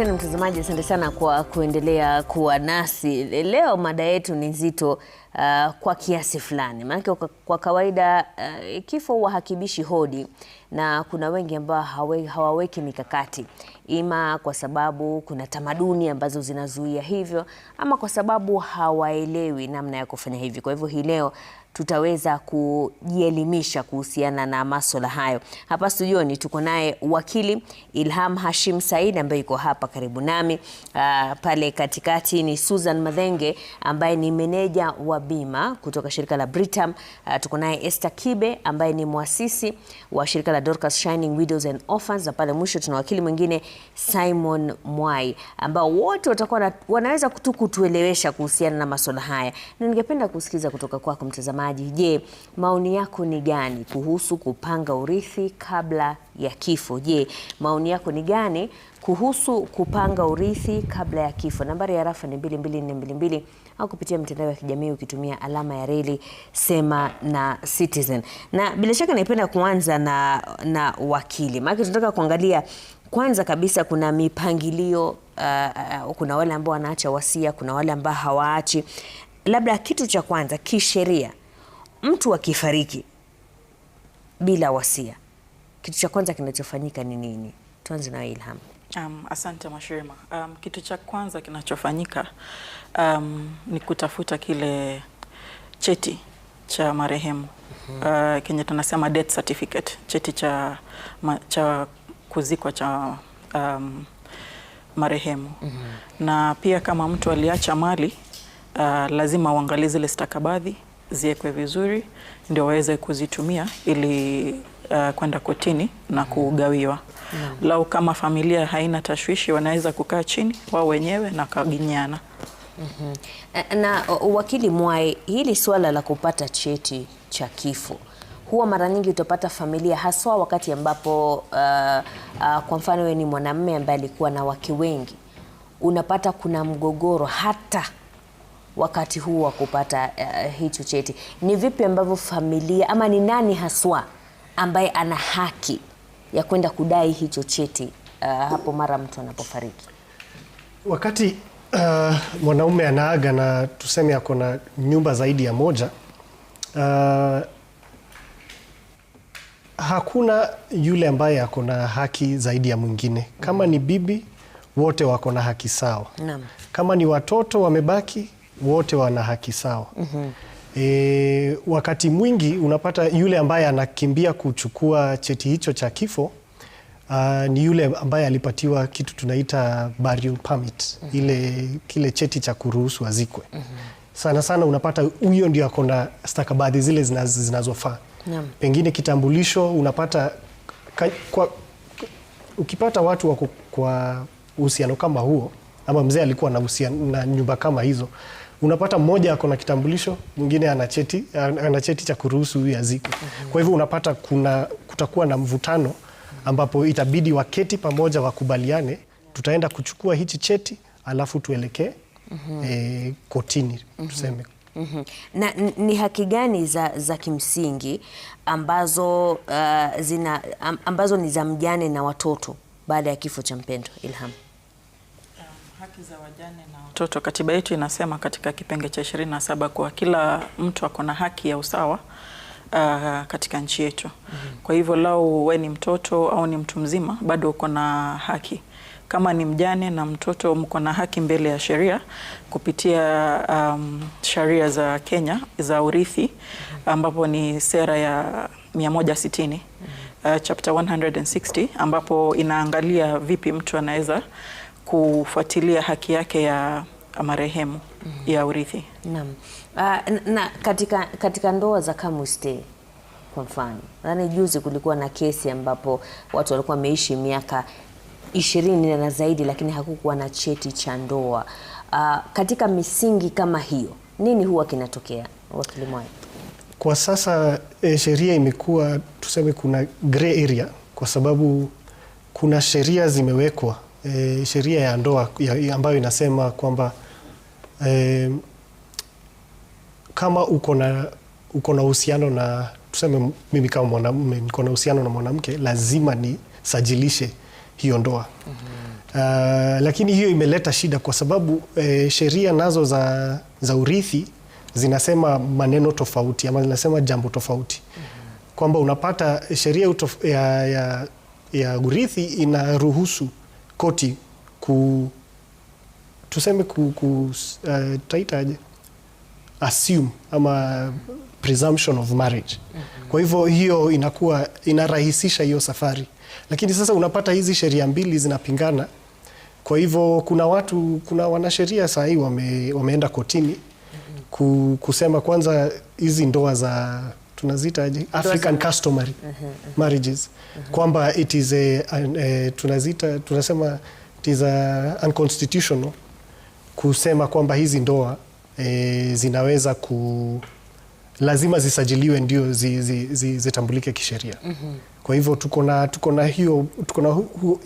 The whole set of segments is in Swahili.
tena mtazamaji, asante sana kwa kuendelea kuwa nasi leo. Mada yetu ni nzito uh, kwa kiasi fulani, maanake kwa kawaida uh, kifo huwa hakibishi hodi na kuna wengi ambao hawaweki mikakati, ima kwa sababu kuna tamaduni ambazo zinazuia hivyo, ama kwa sababu hawaelewi namna ya kufanya hivi. Kwa hivyo hii leo tutaweza kujielimisha kuhusiana na masuala hayo. Hapa studioni tuko naye wakili Ilham Hashim Said ambaye yuko hapa karibu nami. Uh, pale katikati ni Susan Madhenge ambaye ni meneja wa bima kutoka shirika la Britam. Uh, tuko naye Esther Kibe ambaye ni mwasisi wa shirika la Dorcas Shining Widows and Orphans, na pale mwisho tuna wakili mwingine Simon Mwai ambao wote watakuwa wanaweza tu kutuelewesha kuhusiana na masuala haya, na ningependa kusikiza kutoka kwako mtazamaji watazamaji. Je, maoni yako ni gani kuhusu kupanga urithi kabla ya kifo? Je, maoni yako ni gani kuhusu kupanga urithi kabla ya kifo? Nambari ya rafa ni 22422 au kupitia mitandao ya kijamii ukitumia alama ya reli sema na Citizen. Na bila shaka naipenda kuanza na, na wakili, maana tunataka kuangalia kwanza kabisa kuna mipangilio uh, uh, kuna wale ambao wanaacha wasia, kuna wale ambao hawaachi. Labda kitu cha kwanza kisheria, mtu akifariki bila wasia, kitu cha kwanza kinachofanyika ni nini? Tuanze nawe Ilham. Um, asante Mashirima. Um, kitu cha kwanza kinachofanyika um, ni kutafuta kile cheti cha marehemu mm -hmm. uh, kenye tunasema death certificate, cheti cha, ma, cha kuzikwa cha um, marehemu mm -hmm. na pia kama mtu aliacha mali uh, lazima uangalie zile stakabadhi ziwekwe vizuri ndio waweze kuzitumia ili uh, kwenda kotini na kugawiwa. Mm. Lau kama familia haina tashwishi, wanaweza kukaa chini wao wenyewe na kaginyana. Mm -hmm. Eh, na wakili Mwai, hili swala la kupata cheti cha kifo huwa mara nyingi utapata familia haswa wakati ambapo uh, uh, kwa mfano wewe ni mwanamume ambaye alikuwa na wake wengi, unapata kuna mgogoro hata wakati huu wa kupata uh, hicho cheti, ni vipi ambavyo familia ama ni nani haswa ambaye ana haki ya kwenda kudai hicho cheti uh, hapo mara mtu anapofariki? Wakati uh, mwanaume anaaga na tuseme ako na nyumba zaidi ya moja uh, hakuna yule ambaye ako na haki zaidi ya mwingine. Kama ni bibi, wote wako na haki sawa. Naam. Kama ni watoto wamebaki, wote wana haki sawa. mm -hmm. E, wakati mwingi unapata yule ambaye anakimbia kuchukua cheti hicho cha kifo uh, ni yule ambaye alipatiwa kitu tunaita burial permit. mm -hmm. Ile kile cheti cha kuruhusu azikwe. mm -hmm. Sana sana unapata huyo ndio akona stakabadhi zile zinazofaa. yeah. Pengine kitambulisho unapata ka, kwa, ukipata watu wako kwa uhusiano kama huo ama mzee alikuwa na, na nyumba kama hizo unapata mmoja ako na kitambulisho, mwingine ana cheti ana cheti cha kuruhusu huyu azikwe. Kwa hivyo unapata kuna kutakuwa na mvutano ambapo itabidi waketi pamoja, wakubaliane, tutaenda kuchukua hichi cheti alafu tuelekee mm -hmm. e, kotini mm -hmm. tuseme mm -hmm. na ni haki gani za, za kimsingi ambazo, uh, zina, ambazo ni za mjane na watoto baada ya kifo cha mpendwa Ilham? Um, haki za wajane na watoto. katiba yetu inasema katika kipenge cha 27 kuwa kila mtu ako na haki ya usawa uh, katika nchi yetu mm -hmm. Kwa hivyo lau we ni mtoto au ni mtu mzima, bado uko na haki kama ni mjane na mtoto mko na haki mbele ya sheria kupitia um, sheria za Kenya za urithi mhm. ambapo ni sera ya 160 mhm. uh, chapter 160 ambapo inaangalia vipi mtu anaweza kufuatilia haki yake ya marehemu mm -hmm. ya urithi. Naam. Uh, na katika, katika ndoa za come kwa mfano, nani juzi kulikuwa na kesi ambapo watu walikuwa wameishi miaka ishirini na zaidi, lakini hakukuwa na cheti cha ndoa. Uh, katika misingi kama hiyo nini huwa kinatokea, wakili Mwai? Kwa sasa e, sheria imekuwa tuseme, kuna grey area kwa sababu kuna sheria zimewekwa e, sheria ya ndoa ya, ambayo inasema kwamba e, kama uko na uko na uhusiano na tuseme, mimi kama mwanamume niko na uhusiano na mwanamke, lazima nisajilishe hiyo ndoa mm -hmm. Uh, lakini hiyo imeleta shida kwa sababu e, sheria nazo za, za urithi zinasema maneno tofauti ama zinasema jambo tofauti mm -hmm. kwamba unapata sheria ya, ya, ya urithi inaruhusu koti ku tuseme ku, ku uh, eh, taitaje assume ama presumption of marriage. Kwa hivyo hiyo inakuwa inarahisisha hiyo safari, lakini sasa unapata hizi sheria mbili zinapingana. Kwa hivyo kuna watu, kuna wanasheria saa hii wame, wameenda kotini kusema kwanza hizi ndoa za tunazita African customary marriages kwamba it is a, a, eh, tunazita tunasema it is a unconstitutional kusema kwamba hizi ndoa e, zinaweza ku lazima zisajiliwe ndio zi, zi, zi, zitambulike kisheria. mm -hmm. Kwa hivyo tuko na tuko na hiyo tuko na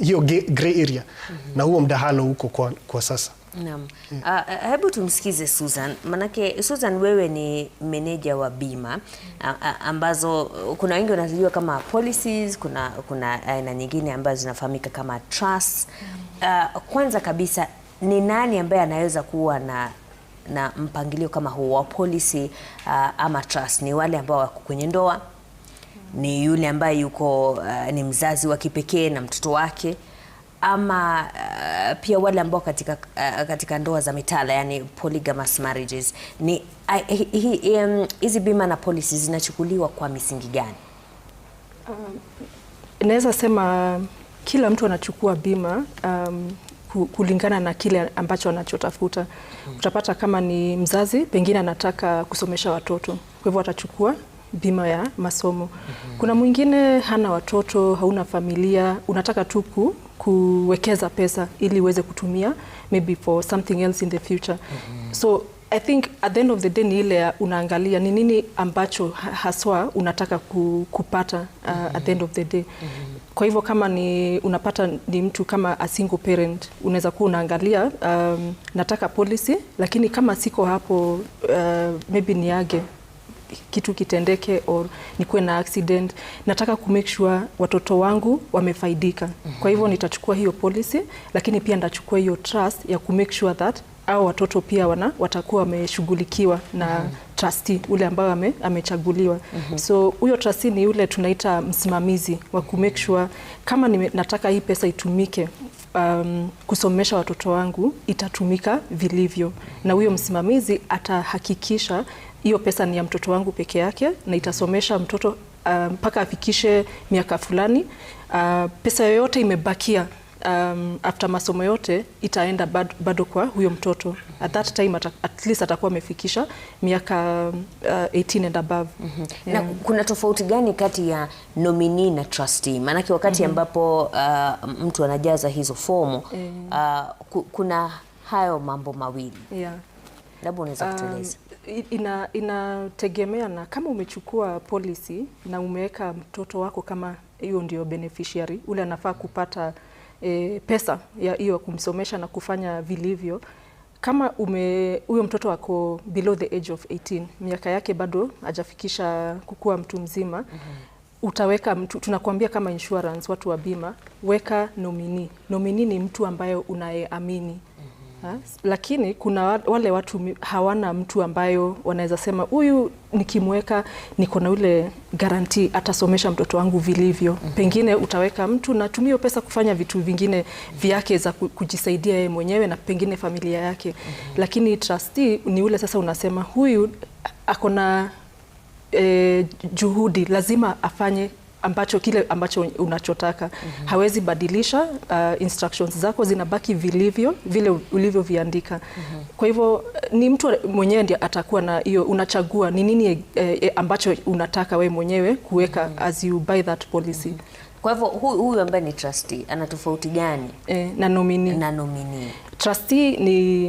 hiyo gray area mm -hmm. na huo mdahalo huko kwa, kwa sasa. Naam. Uh, hebu tumsikize Susan, manake Susan, wewe ni meneja wa bima uh, uh, ambazo kuna wengi wanazijua kama policies, kuna kuna aina uh, nyingine ambazo zinafahamika kama trust. Uh, mm. ah, kwanza kabisa ni nani ambaye anaweza kuwa na na mpangilio kama huu wa policy uh, ama trust? Ni wale ambao wako kwenye ndoa, mm. ni yule ambaye yuko uh, ni mzazi wa kipekee na mtoto wake ama uh, pia wale ambao katika, uh, katika ndoa za mitala yani polygamous marriages ni ah, hizi um, bima na policies zinachukuliwa kwa misingi gani? Um, naweza sema kila mtu anachukua bima um, kulingana na kile ambacho anachotafuta. Hmm. Utapata kama ni mzazi pengine anataka kusomesha watoto, kwa hivyo atachukua bima ya masomo. Mm -hmm. Kuna mwingine hana watoto, hauna familia, unataka tu kuwekeza pesa ili uweze kutumia maybe for something else in the future. Mm -hmm. So I think at the end of the day ni ile unaangalia ni nini ambacho haswa unataka kupata uh, mm -hmm. at the end of the day. Mm -hmm. Kwa hivyo kama ni unapata ni mtu kama a single parent, unaweza kuwa unaangalia um, nataka policy, lakini kama siko hapo uh, maybe niage kitu kitendeke or nikuwe na accident, nataka ku make sure watoto wangu wamefaidika. Kwa hivyo nitachukua hiyo policy, lakini pia nitachukua hiyo trust ya ku make sure that au watoto pia wana watakuwa wameshughulikiwa na mm -hmm. trustee ule ambao ame, amechaguliwa mm -hmm. So huyo trustee ni yule tunaita msimamizi wa ku make sure kama ni, nataka hii pesa itumike um, kusomesha watoto wangu itatumika vilivyo, na huyo msimamizi atahakikisha hiyo pesa ni ya mtoto wangu peke yake na itasomesha mtoto uh, mpaka um, afikishe miaka fulani. Uh, pesa yoyote imebakia um, after masomo yote itaenda bado, bado kwa huyo mtoto at that time at, at least atakuwa amefikisha miaka uh, 18 and above. mm -hmm. Yeah. Na kuna tofauti gani kati ya nominee na trustee? Maanake wakati mm -hmm. ambapo uh, mtu anajaza hizo fomu mm -hmm. uh, kuna hayo mambo mawili yeah. Labda unaweza um, kutueleza um, ina, inategemea na kama umechukua policy na umeweka mtoto wako kama hiyo ndio beneficiary ule anafaa kupata e, pesa ya hiyo kumsomesha na kufanya vilivyo. Kama huyo mtoto ako below the age of 18 miaka yake bado hajafikisha kukua mtu mzima mm -hmm. Utaweka mtu, tunakuambia kama insurance, watu wa bima, weka nominee. Nominee ni mtu ambaye unayeamini Ha? Lakini kuna wale watu hawana mtu ambayo wanaweza sema huyu nikimweka niko na ule garanti atasomesha mtoto wangu vilivyo. mm -hmm. Pengine utaweka mtu na tumio pesa kufanya vitu vingine vyake za kujisaidia yeye mwenyewe na pengine familia yake. mm -hmm. Lakini trustee ni ule sasa, unasema huyu akona eh, juhudi lazima afanye ambacho kile ambacho unachotaka mm -hmm. Hawezi badilisha uh, instructions zako zinabaki vilivyo vile ulivyoviandika mm -hmm. Kwa hivyo eh, ni mtu mwenyewe ndiye atakuwa na hiyo, unachagua ni nini eh, eh ambacho unataka we mwenyewe kuweka mm -hmm. as you buy that policy mm -hmm. Kwa hivyo huyu huyu ambaye ni trustee ana tofauti gani e, na nominee? Na nominee trustee ni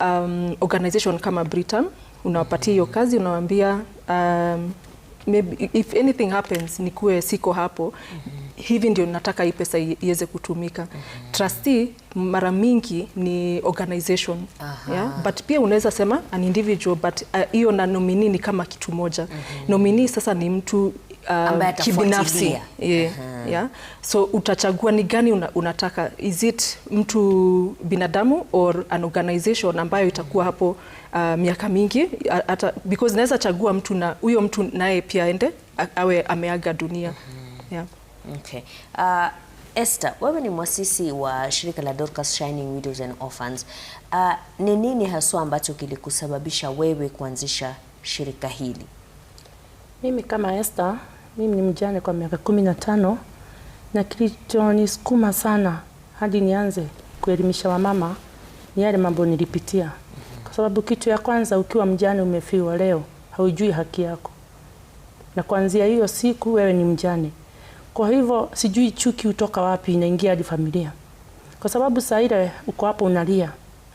um, organization kama Britam, unawapatia hiyo mhm. kazi, unawaambia um, maybe if anything happens nikuwe siko hapo mm -hmm. Hivi ndio nataka hii pesa iweze kutumika mm -hmm. Trustee mara mingi ni organization yeah? But pia unaweza sema an individual but uh, hiyo uh, na nominee ni kama kitu moja mm -hmm. Nominee sasa ni mtu uh, kibinafsi yeah. Yeah. So utachagua ni gani una, unataka is it mtu binadamu or an organization ambayo itakuwa hapo uh, miaka mingi hata, because naweza chagua mtu na huyo mtu naye pia ende awe ameaga dunia mhm. yeah. Okay. Uh, Esther, wewe ni mwasisi wa shirika la Dorcas Shining Widows and Orphans. Uh, ni nini haswa ambacho kilikusababisha wewe kuanzisha shirika hili? Mimi kama Esther mimi ni mjane kwa miaka kumi na tano na kilichonisukuma sana hadi nianze kuelimisha wamama ni yale mambo nilipitia, mhm. kwa sababu kitu ya kwanza ukiwa mjane umefiwa leo, haujui haki yako, na kuanzia hiyo siku wewe ni mjane. Kwa hivyo sijui chuki utoka wapi inaingia hadi familia, kwa sababu saa ile uko hapo unalia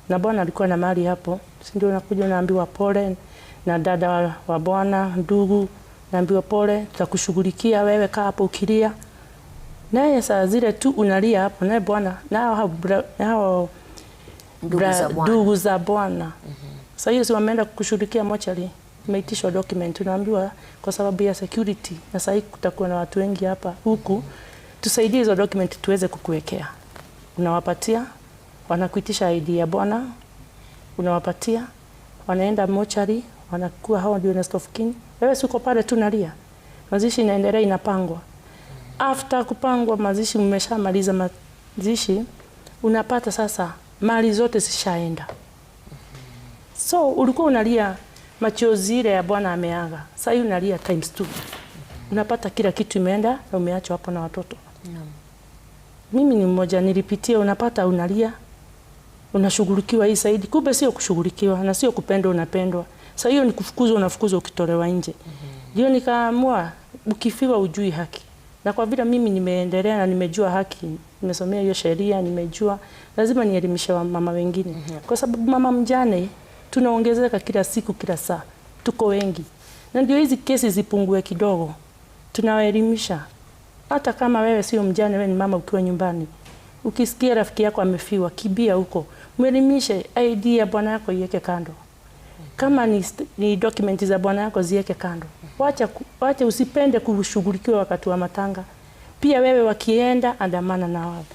na bwana alikuwa na mali hapo, si ndio? Unakuja unaambiwa pole na dada wa bwana, ndugu naambiwa pole, tutakushughulikia wewe, kaa hapo ukilia. Naye saa zile tu unalia hapo, naye bwana nao hao ndugu za bwana mm -hmm. Sasa hiyo si wameenda kukushughulikia mochari, umeitishwa document, unaambiwa kwa sababu ya security na sasa kutakuwa na watu wengi hapa huku, tusaidie hizo document tuweze kukuwekea. Unawapatia, wanakuitisha ID ya bwana, unawapatia, wanaenda mochari, wanakuwa hao ndio na stof king wewe siko pale tu nalia. Mazishi inaendelea inapangwa. After kupangwa mazishi, mmeshamaliza mazishi, unapata sasa mali zote zishaenda. So ulikuwa unalia machozi ile ya bwana ameaga. Sasa hiyo unalia times two. Unapata kila kitu imeenda na umeachwa hapo na watoto. Naam. Mimi ni mmoja nilipitia, unapata unalia. Unashughulikiwa hii saidi, Kumbe sio kushughulikiwa na sio kupendwa unapendwa. mm sasa hiyo ni kufukuzwa, unafukuzwa ukitolewa nje. Mhm. Ndio nikaamua ukifiwa ujui haki. Na kwa vile mimi nimeendelea na nimejua haki, nimesomea hiyo sheria, nimejua lazima nielimishe wa mama wengine. Mhm. Kwa sababu mama mjane tunaongezeka kila siku kila saa. Tuko wengi. Na ndio hizi kesi zipungue kidogo. Tunawaelimisha. Hata kama wewe sio mjane, wewe ni mama ukiwa nyumbani. Ukisikia rafiki yako amefiwa, kibia huko. Mwelimishe, ID ya bwana yako iweke kando. Kama ni, ni dokumenti za bwana yako ziweke kando, wacha, wacha usipende kushughulikiwa wakati wa matanga. Pia wewe wakienda andamana na wao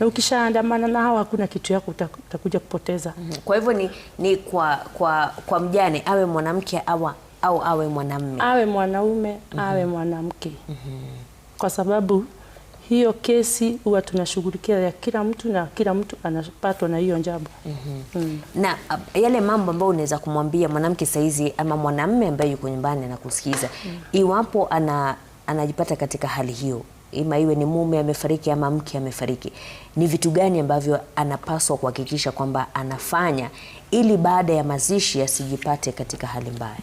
na ukishaandamana na hao hakuna kitu yako utakuja kupoteza. Mhm. Kwa hivyo ni, ni kwa, kwa, kwa mjane awe mwanamke awa, au awe mwanamume awe mwanaume awe mhm. mwanamke mhm. kwa sababu hiyo kesi huwa tunashughulikia ya kila mtu na kila mtu anapatwa na hiyo njambo. mm -hmm. mm. Na yale mambo ambayo unaweza kumwambia mwanamke saizi ama mwanamme ambaye yuko nyumbani anakusikiza, mm. iwapo ana anajipata katika hali hiyo, ima iwe ni mume amefariki ama mke amefariki, ni vitu gani ambavyo anapaswa kuhakikisha kwamba anafanya ili baada ya mazishi asijipate katika hali mbaya?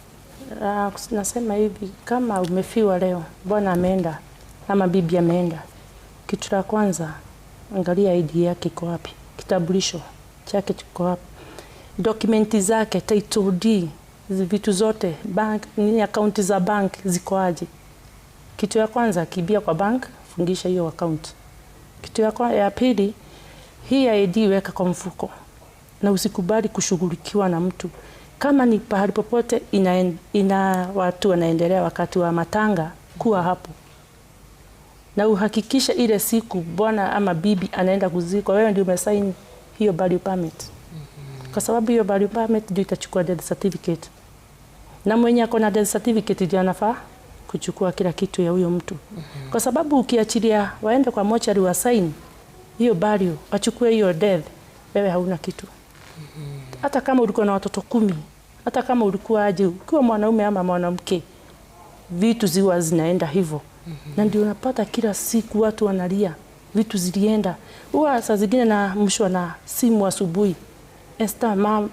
Uh, nasema hivi, kama umefiwa leo, bwana ameenda ama bibi ameenda kitu la kwanza, angalia ID yake iko wapi, kitambulisho chake kiko wapi, dokumenti zake, title deed, vitu zote bank, ni akaunti za bank ziko aje? Kitu ya kwanza, kibia kwa bank, fungisha hiyo account. Kitu ya, kwa, ya pili, hii ID weka kwa mfuko na usikubali kushughulikiwa na mtu kama ni pahali popote ina, ina watu wanaendelea wakati wa matanga, kuwa hapo na uhakikishe ile siku bwana ama bibi anaenda kuzikwa, wewe ndio umesign hiyo burial permit, mhm. kwa sababu hiyo burial permit ndio itachukua death certificate, na mwenye ako na death certificate ndio anafaa kuchukua kila kitu ya huyo mtu, mhm. kwa sababu ukiachilia waende kwa mochari wa sign hiyo burial, wachukue hiyo death, wewe hauna kitu. Mhm. Hata kama ulikuwa na watoto kumi, hata kama ulikuwa aje, ukiwa mwanaume ama mwanamke, vitu ziwa zinaenda hivyo. -hmm. na ndio unapata kila siku watu wanalia vitu zilienda. Huwa saa zingine na mshwa na simu asubuhi, Esta ma,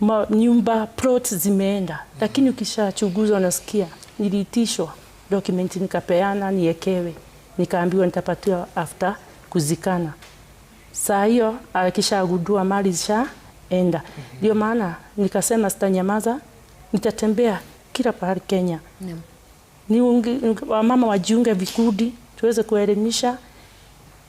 ma, nyumba plot zimeenda mm -hmm. lakini ukishachunguza unasikia niliitishwa dokumenti nikapeana niekewe, nikaambiwa nitapatiwa after kuzikana. Saa hiyo akishagundua ah, mali zishaenda, mhm. ndio mm -hmm. maana nikasema sitanyamaza, nitatembea kila pahali Kenya mm -hmm ni wamama wajiunge vikundi tuweze kuelimisha,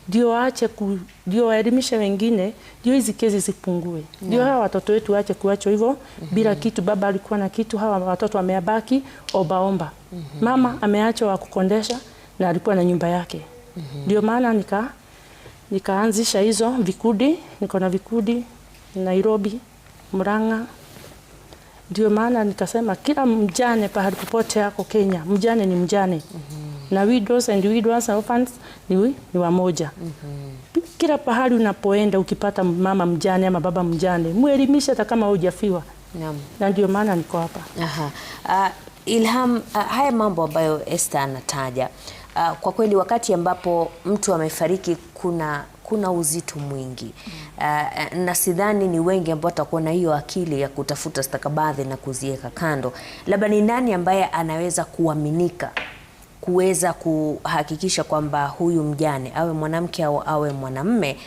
ndio waache ku, ndio waelimishe wengine, ndio hizi kesi zipungue, ndio hawa watoto wetu waache kuachwa hivyo mm-hmm. bila kitu. Baba alikuwa na kitu, hawa watoto wameabaki ombaomba mm-hmm. mama ameachwa wa kukondesha na alikuwa na nyumba yake mm-hmm. ndio maana nika nikaanzisha hizo vikundi, niko na vikundi Nairobi, Murang'a ndio maana nikasema kila mjane pahali popote ako Kenya, mjane ni mjane mm -hmm. na widows and widows and orphans ni, ni wamoja mm -hmm. Kila pahali unapoenda ukipata mama mjane ama baba mjane, mwelimishe hata kama hujafiwa yeah. na ndio maana niko hapa Aha. Uh, Ilham, uh, haya mambo ambayo Esther anataja uh, kwa kweli wakati ambapo mtu amefariki kuna kuna uzito mwingi uh, na sidhani ni wengi ambao watakuwa na hiyo akili ya kutafuta stakabadhi na kuziweka kando. Labda ni nani ambaye anaweza kuaminika kuweza kuhakikisha kwamba huyu mjane awe mwanamke au awe mwanamme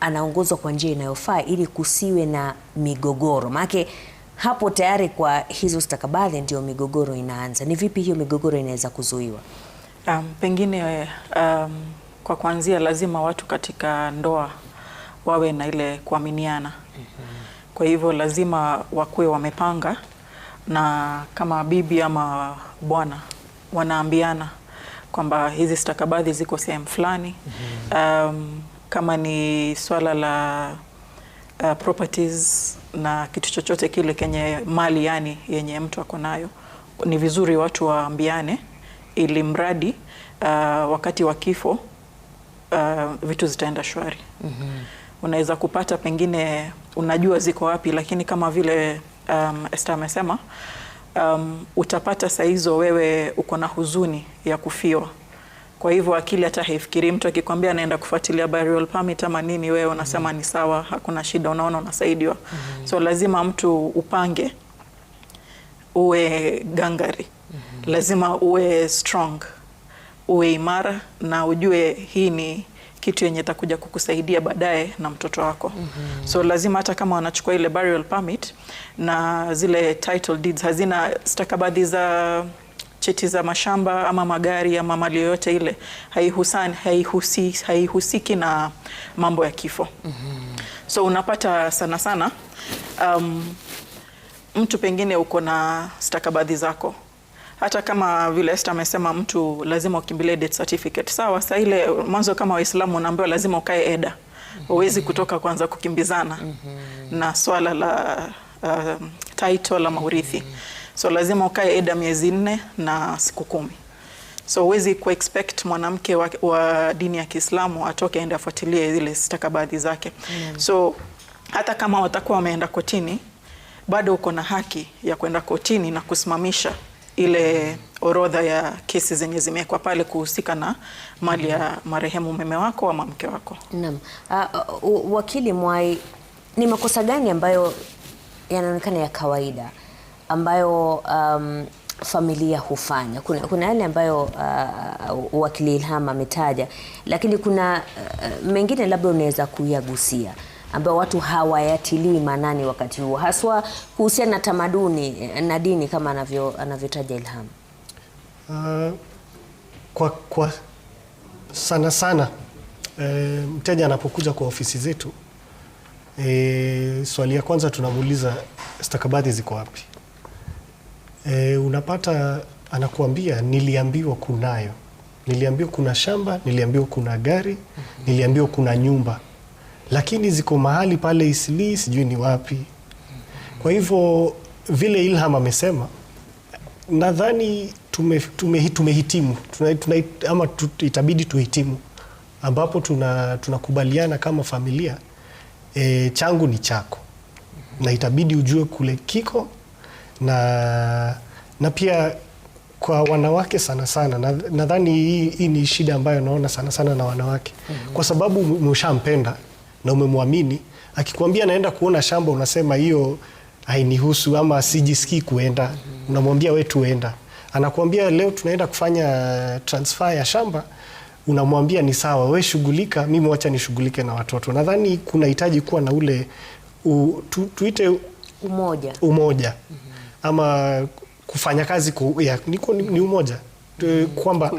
anaongozwa kwa njia inayofaa ili kusiwe na migogoro, maanake hapo tayari kwa hizo stakabadhi ndio migogoro inaanza. Ni vipi hiyo migogoro inaweza kuzuiwa? Um, pengine um, kwa kwanzia lazima watu katika ndoa wawe na ile kuaminiana. Mhm. Kwa hivyo lazima wakuwe wamepanga, na kama bibi ama bwana wanaambiana kwamba hizi stakabadhi ziko sehemu fulani. Mhm. Um, kama ni swala la uh, properties na kitu chochote kile kenye mali yani yenye mtu ako nayo, ni vizuri watu waambiane, ili mradi uh, wakati wa kifo uh, vitu zitaenda shwari. mm -hmm. Unaweza kupata pengine unajua ziko wapi, lakini kama vile um, Esther amesema um, utapata saa hizo wewe uko na huzuni ya kufiwa kwa hivyo akili hata haifikiri. Mtu akikwambia anaenda kufuatilia burial permit ama nini, wewe unasema mm -hmm. ni sawa, hakuna shida, unaona unasaidiwa. mm -hmm. So lazima mtu upange, uwe gangari. mm -hmm. lazima uwe strong uwe imara na ujue hii ni kitu yenye itakuja kukusaidia baadaye na mtoto wako. mm -hmm. So lazima hata kama wanachukua ile burial permit na zile title deeds hazina stakabadhi za cheti za mashamba ama magari ama mali yoyote ile, haihusani haihusi, haihusiki na mambo ya kifo. mm -hmm. So unapata sana sana um, mtu pengine uko na stakabadhi zako hata kama vile Esther amesema mtu lazima ukimbilie death certificate. Sawa, sasa ile mwanzo kama Waislamu unaambiwa lazima ukae eda, huwezi kutoka kwanza kukimbizana mhm. na swala la uh, title la maurithi, so lazima ukae eda miezi nne na siku kumi so huwezi expect mwanamke wa, wa dini ya Kiislamu atoke aende afuatilie zile stakabadhi zake mm. So hata kama watakuwa wameenda kotini, bado uko na haki ya kwenda kotini na kusimamisha ile orodha ya kesi zenye zimewekwa pale kuhusika na mali ya marehemu mume wako ama mke wako. Naam. Uh, wakili Mwai, ni makosa gani ambayo yanaonekana ya kawaida ambayo um, familia hufanya? Kuna, kuna yale ambayo uh, wakili Ilham ametaja, lakini kuna uh, mengine labda unaweza kuyagusia ambayo watu hawayatilii maanani wakati huo, haswa kuhusiana na tamaduni eh, na dini kama anavyo anavyotaja Ilham. Uh, kwa, kwa sana sana e, mteja anapokuja kwa ofisi zetu e, swali ya kwanza tunamuuliza stakabadhi ziko wapi? E, unapata anakuambia niliambiwa kunayo, niliambiwa kuna shamba, niliambiwa kuna gari, niliambiwa kuna nyumba lakini ziko mahali pale Isli, sijui ni wapi. Kwa hivyo vile Ilham amesema, nadhani tume, tume, tumehitimu tuna, tuna, ama tut, itabidi tuhitimu ambapo tunakubaliana tuna kama familia e, changu ni chako na itabidi ujue kule kiko na, na pia kwa wanawake sana sana nadhani na hii, hii ni shida ambayo naona sana sana na wanawake, kwa sababu mshampenda na umemwamini, akikwambia naenda kuona shamba, unasema hiyo hainihusu ama sijisikii kuenda, unamwambia we tuenda. Anakuambia leo tunaenda kufanya transfer ya shamba, unamwambia ni sawa, we shughulika, mimi wacha nishughulike na watoto. Nadhani kuna hitaji kuwa na ule u, tu, tuite umoja, umoja. Mm -hmm. ama kufanya kazi ku, ya, niko, ni, ni umoja mm-hmm. kwamba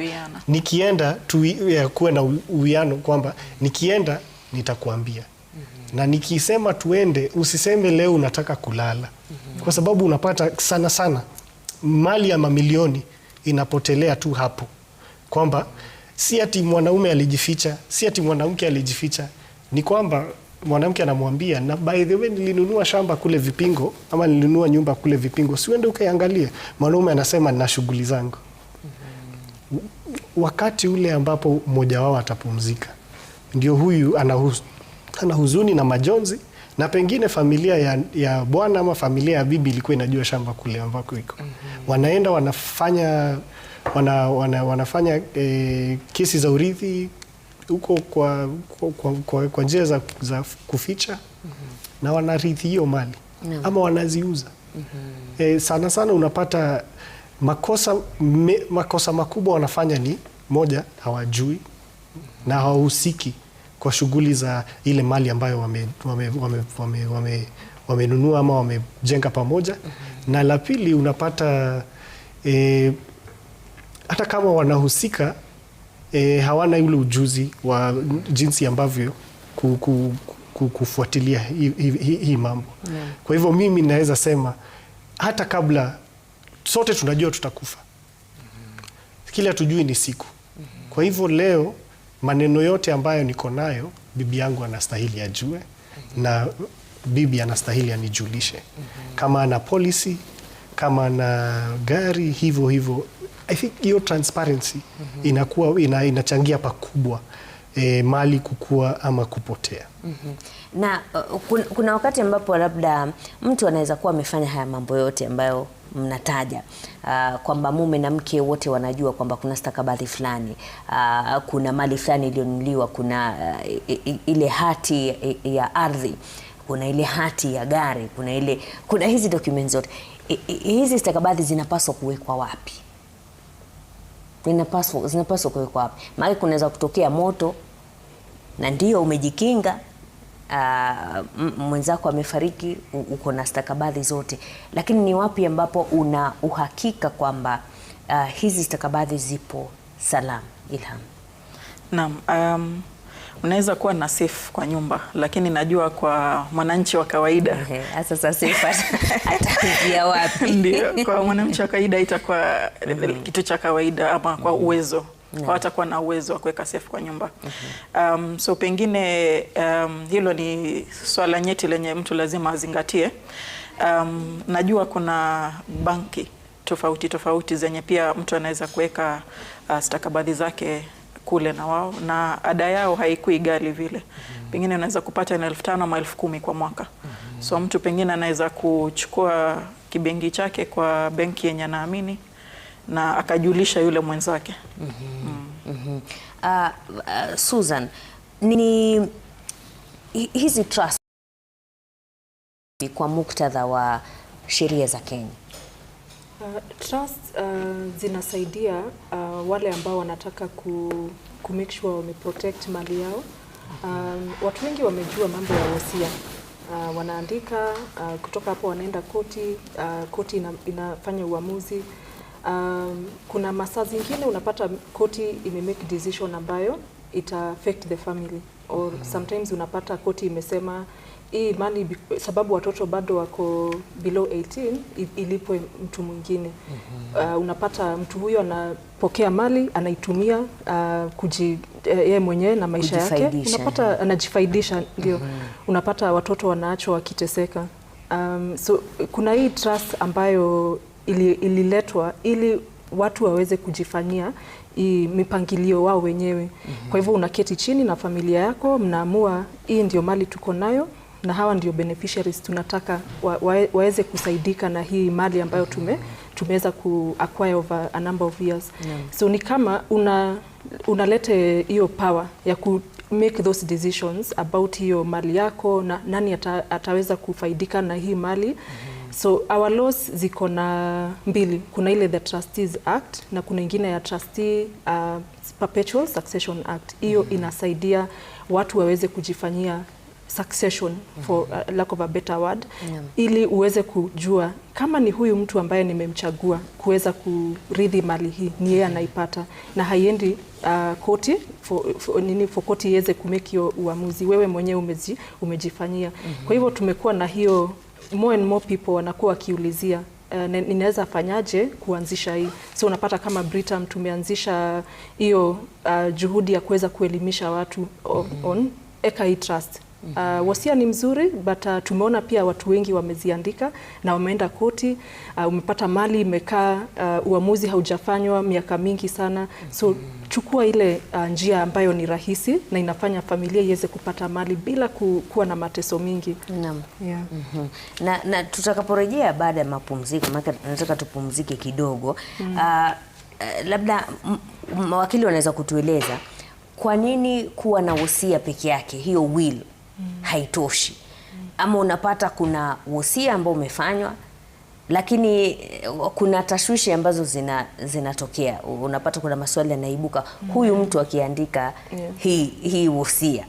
nikienda tu, kuwe na uwiano kwamba nikienda nitakuambia. Mm -hmm. Na nikisema tuende, usiseme leo unataka kulala. Mm -hmm. Kwa sababu unapata sana sana mali ya mamilioni inapotelea tu hapo, kwamba si ati mwanaume alijificha, si ati mwanamke alijificha, ni kwamba mwanamke anamwambia na by the way, nilinunua shamba kule Vipingo ama nilinunua nyumba kule Vipingo, siwende ukaiangalie. Mwanaume anasema na shughuli zangu. mm -hmm. Wakati ule ambapo mmoja wao atapumzika mm ndio huyu ana huzuni na majonzi, na pengine familia ya, ya bwana ama familia ya bibi ilikuwa inajua shamba kule ambako iko mm -hmm. Wanaenda wanafanya wana, wana, wanafanya e, kesi za urithi huko kwa, kwa, kwa, kwa, kwa njia za, za kuficha mm -hmm. na wanarithi hiyo mali mm -hmm. ama wanaziuza mm -hmm. E, sana sana unapata makosa, me, makosa makubwa wanafanya ni moja, hawajui mm -hmm. na hawahusiki kwa shughuli za ile mali ambayo wamenunua wame, wame, wame, wame, wame ama wamejenga pamoja mm -hmm. Na la pili unapata e, hata kama wanahusika e, hawana yule ujuzi wa jinsi ambavyo ku, ku, ku, kufuatilia hii hi, hi, hi mambo yeah. Kwa hivyo mimi naweza sema hata kabla sote tunajua tutakufa, mhm. kila hatujui ni siku. Mhm. Kwa hivyo leo maneno yote ambayo niko nayo bibi yangu anastahili ajue, na bibi anastahili anijulishe kama ana policy, kama ana gari, hivyo hivyo. I think hiyo transparency inakuwa ina, inachangia pakubwa e, mali kukua ama kupotea. mm -hmm. Na uh, kuna wakati ambapo labda mtu anaweza kuwa amefanya haya mambo yote ambayo mnataja uh, kwamba mume na mke wote wanajua kwamba kuna stakabadhi fulani uh, kuna mali fulani iliyonunuliwa, kuna uh, ile hati ya ardhi, kuna ile hati ya gari, kuna ile kuna hizi dokumenti zote hizi stakabadhi zinapaswa kuwekwa wapi? Zinapaswa zinapaswa kuwekwa wapi? Maana kunaweza kutokea moto na ndio umejikinga uh, mwenzako amefariki, uko na stakabadhi zote, lakini ni wapi ambapo una uhakika kwamba uh, hizi stakabadhi zipo salama? Ilham. Naam, um, unaweza kuwa na safe kwa nyumba lakini najua kwa mwananchi wa kawaida sasa safe atafikia wapi? Ndio, kwa mwananchi wa kawaida itakuwa mm. kitu cha kawaida ama kwa uwezo yeah. hawatakuwa na uwezo wa kuweka sefu kwa nyumba mm -hmm. um, so pengine um, hilo ni swala nyeti lenye mtu lazima azingatie. Um, najua kuna banki tofauti tofauti zenye pia mtu anaweza kuweka uh, stakabadhi zake kule na wao na ada yao haikui ghali vile mm -hmm. Pengine unaweza kupata na elfu tano ama elfu kumi kwa mwaka mm -hmm. So mtu pengine anaweza kuchukua kibengi chake kwa benki yenye anaamini na akajulisha yule mwenzake. mm -hmm. mm. -hmm. Uh, uh, Susan, ni hizi trust kwa muktadha wa sheria za Kenya uh, trust uh, zinasaidia uh, wale ambao wanataka ku, ku make sure wameprotect mali yao. Um, watu wengi wamejua mambo ya wosia uh, wanaandika uh, kutoka hapo wanaenda koti uh, koti ina, inafanya uamuzi um, kuna masaa zingine unapata koti ime make decision ambayo ita affect the family or sometimes unapata koti imesema hii mali sababu watoto bado wako below 18 ilipwe mtu mwingine. mm -hmm. Uh, unapata mtu huyo anapokea mali anaitumia uh, kuji eh, yeye mwenyewe na maisha yake, unapata anajifaidisha, mhm. ndio. mm -hmm. Unapata watoto wanaachwa wakiteseka. Um, so kuna hii trust ambayo ili, ililetwa ili watu waweze kujifanyia i, mipangilio wao wenyewe. mm -hmm. Kwa hivyo unaketi chini na familia yako, mnaamua hii ndio mali tuko nayo na hawa ndio beneficiaries tunataka wa, wa, waweze kusaidika na hii mali ambayo tume tumeweza ku acquire over a number of years. Yeah. So ni kama una unalete hiyo power ya ku make those decisions about hiyo mali yako na nani ata, ataweza kufaidika na hii mali. Mm -hmm. So our laws ziko na mbili, kuna ile the Trustees Act na kuna ingine ya Trustee uh, Perpetual Succession Act. Hiyo mm-hmm. inasaidia watu waweze kujifanyia succession for mm-hmm. uh, lack of a better word yeah. Ili uweze kujua kama ni huyu mtu ambaye nimemchagua kuweza kurithi mali hii ni yeye mm-hmm. anaipata na haiendi uh, koti for, for, nini for koti iweze kumeki uamuzi, wewe mwenyewe umeji, umejifanyia. mm -hmm. Kwa hivyo tumekuwa na hiyo more and more people wanakuwa wakiulizia Uh, ninaweza fanyaje kuanzisha hii. So unapata kama Britam tumeanzisha hiyo uh, juhudi ya kuweza kuelimisha watu on, mm -hmm. on Eka trust uh, wasia ni mzuri but uh, tumeona pia watu wengi wameziandika na wameenda koti. Uh, umepata mali imekaa, uh, uamuzi haujafanywa miaka mingi sana so mm -hmm chukua ile uh, njia ambayo ni rahisi na inafanya familia iweze kupata mali bila ku, kuwa na mateso mingi. na, Yeah. Mm -hmm. Na, na tutakaporejea baada ya mapumziko, maana nataka tupumzike kidogo. Mm. Uh, eh, labda mawakili wanaweza kutueleza kwa nini kuwa na wosia peke yake hiyo will mm. haitoshi mm. ama unapata kuna wosia ambao umefanywa lakini eh, kuna tashwishi ambazo zina zinatokea. Unapata kuna maswali yanaibuka, huyu mtu akiandika hii hii wosia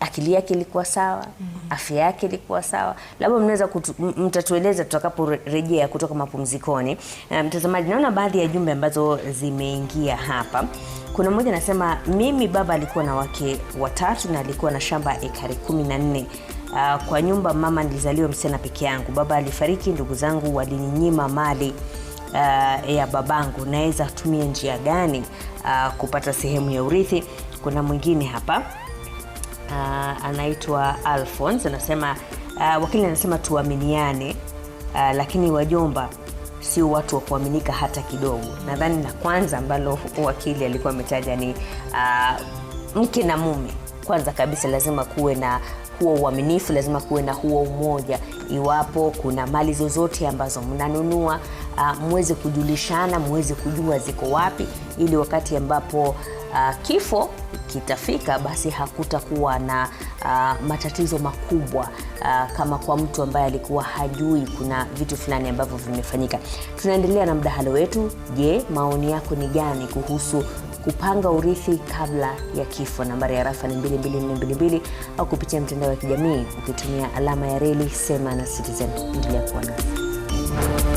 akili yake ilikuwa sawa? mm -hmm. Afya yake ilikuwa sawa? Labda mnaweza mtatueleza tutakaporejea kutoka mapumzikoni. Eh, mtazamaji, um, naona baadhi ya jumbe ambazo zimeingia hapa. Kuna mmoja anasema, mimi baba alikuwa na wake watatu na alikuwa na shamba ekari kumi na nne Uh, kwa nyumba mama nilizaliwa msichana peke yangu. Baba alifariki, ndugu zangu walininyima mali uh, ya babangu. Naweza tumia njia gani uh, kupata sehemu ya urithi? Kuna mwingine hapa uh, anaitwa Alphonse anasema uh, wakili anasema tuaminiane, uh, lakini wajomba sio watu wa kuaminika hata kidogo. Nadhani la kwanza ambalo wakili alikuwa ametaja ni uh, mke na mume. Kwanza kabisa lazima kuwe na huo uaminifu, lazima kuwe na huo umoja. Iwapo kuna mali zozote ambazo mnanunua, uh, mweze kujulishana, mweze kujua ziko wapi, ili wakati ambapo uh, kifo kitafika basi hakutakuwa na uh, matatizo makubwa uh, kama kwa mtu ambaye alikuwa hajui kuna vitu fulani ambavyo vimefanyika. Tunaendelea na mdahalo wetu. Je, maoni yako ni gani kuhusu kupanga urithi kabla ya kifo. Nambari ya rafa ni 22222 au kupitia mtandao wa kijamii ukitumia alama ya reli sema na Citizen. Endelea kuwa nasi.